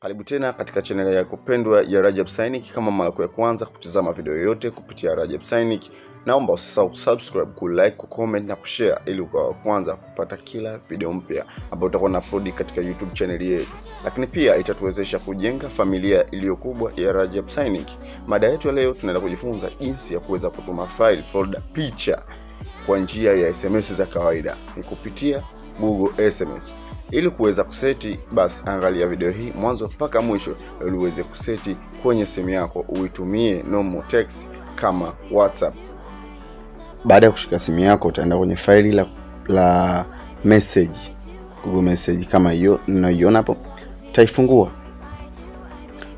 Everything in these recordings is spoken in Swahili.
Karibu tena katika chaneli ya kupendwa ya Rajab Synic. Kama mara ya kwanza kutizama video yoyote kupitia Rajab Synic, naomba usisahau kusubscribe, ku like, ku comment na kushare ili ukawa kwanza kupata kila video mpya ambayo utakuwa na upload katika YouTube chaneli yetu, lakini pia itatuwezesha kujenga familia iliyo kubwa ya Rajab Synic. Mada yetu ya leo tunaenda kujifunza jinsi ya kuweza kutuma file, folder, picha kwa njia ya SMS za kawaida ni kupitia Google SMS. Ili kuweza kuseti, basi angalia video hii mwanzo mpaka mwisho, ili uweze kuseti kwenye simu yako, uitumie normal text kama WhatsApp. Baada ya kushika simu yako, utaenda kwenye faili la, la message, Google message kama hiyo unaiona hapo, utaifungua.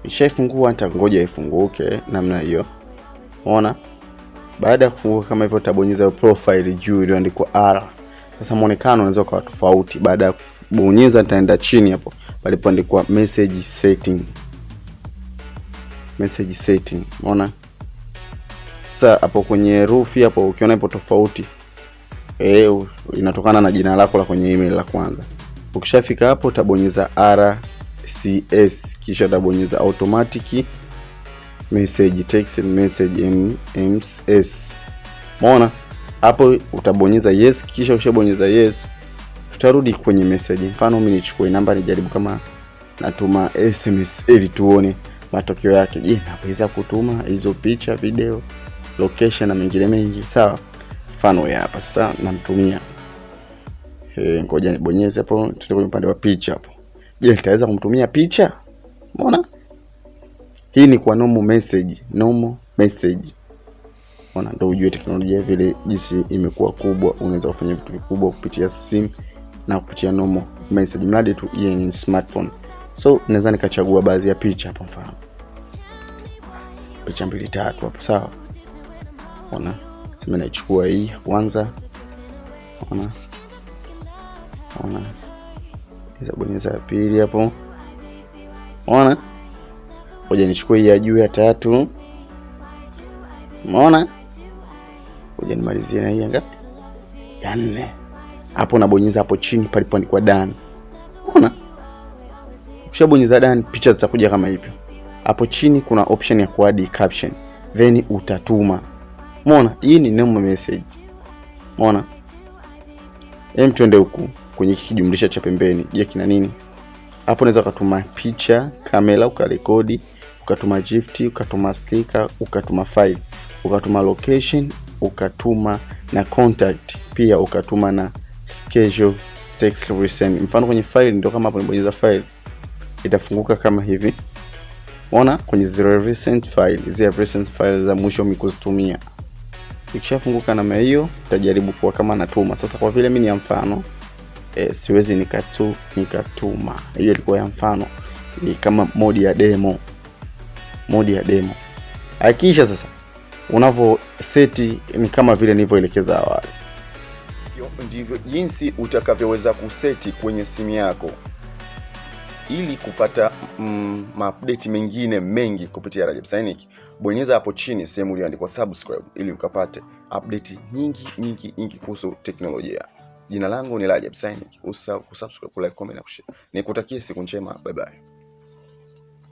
Ishaifungua, nitangoja ifunguke namna hiyo, ona Baada ya kufunguka kama hivyo, utabonyeza profile juu iliyoandikwa R. Sasa muonekano unaweza kuwa tofauti baada ya kufungua bonyeza, nitaenda chini hapo palipoandikwa message setting, message setting. Unaona sasa hapo kwenye herufi hapo, ukiona ipo tofauti eh, inatokana na jina lako la kwenye email la kwanza. Ukishafika hapo utabonyeza RCS, kisha utabonyeza automatic message text and message MMS. Umeona hapo, utabonyeza yes, kisha ukishabonyeza yes tutarudi kwenye message. Mfano mimi nichukue namba nijaribu kama natuma SMS ili tuone matokeo yake. Je, naweza kutuma hizo picha, video, location na mengine mengi. Sawa, mfano hapa sasa namtumia. Eh, ngoja nibonyeze hapo, tuende kwenye upande wa picha hapo. Je, nitaweza kumtumia picha? Umeona? Hii ni kwa normal message, normal message. Ona, ndio ujue teknolojia vile jinsi imekuwa kubwa, unaweza kufanya vitu vikubwa kupitia simu na kupitia normal message, mradi tu iye ni smartphone. So naweza nikachagua baadhi ya picha hapa, mfano picha mbili tatu hapo, sawa. Ona sema naichukua hii ya kwanza, ona ona, bonyeza ya pili hapo, ona hoja, nichukue hii ya juu ya tatu, umeona hoja, nimalizie na hii ngapi, ya nne hapo unabonyeza hapo chini palipoandikwa dan. Unaona, ukishabonyeza dan picha zitakuja kama hivyo. Hapo chini kuna option ya kuadi caption, then utatuma. Umeona, hii ni name message. Umeona, hem, tuende huku kwenye kijumlisha cha pembeni. Je, kina nini hapo? Unaweza ukatuma picha, kamera, ukarekodi, ukatuma gift, ukatuma sticker, ukatuma file, ukatuma location, ukatuma na contact, pia ukatuma na schedule text resend. Mfano kwenye file ndio kama hapo, nibonyeza file itafunguka kama hivi, Ona kwenye zero recent file, zero recent file za mwisho mikuzitumia. Ikishafunguka namna hiyo, tajaribu kuwa kama natuma. Sasa kwa vile mimi ni mfano e, siwezi nikatu nikatuma. Hiyo ilikuwa ya mfano, ni kama modi ya demo, modi ya demo. Hakikisha sasa unavyo seti ni kama vile nilivyoelekeza awali hivyo ndivyo jinsi utakavyoweza kuseti kwenye simu yako ili kupata mm, mengine mengi kupitia Rajab Synic. Bonyeza hapo chini sehemu iliyoandikwa subscribe ili ukapate update nyingi nyingi nyingi kuhusu teknolojia. Jina langu ni Rajab Synic. Usisahau kusubscribe, kulike, comment na kushare. Nikutakie siku njema, bye bye.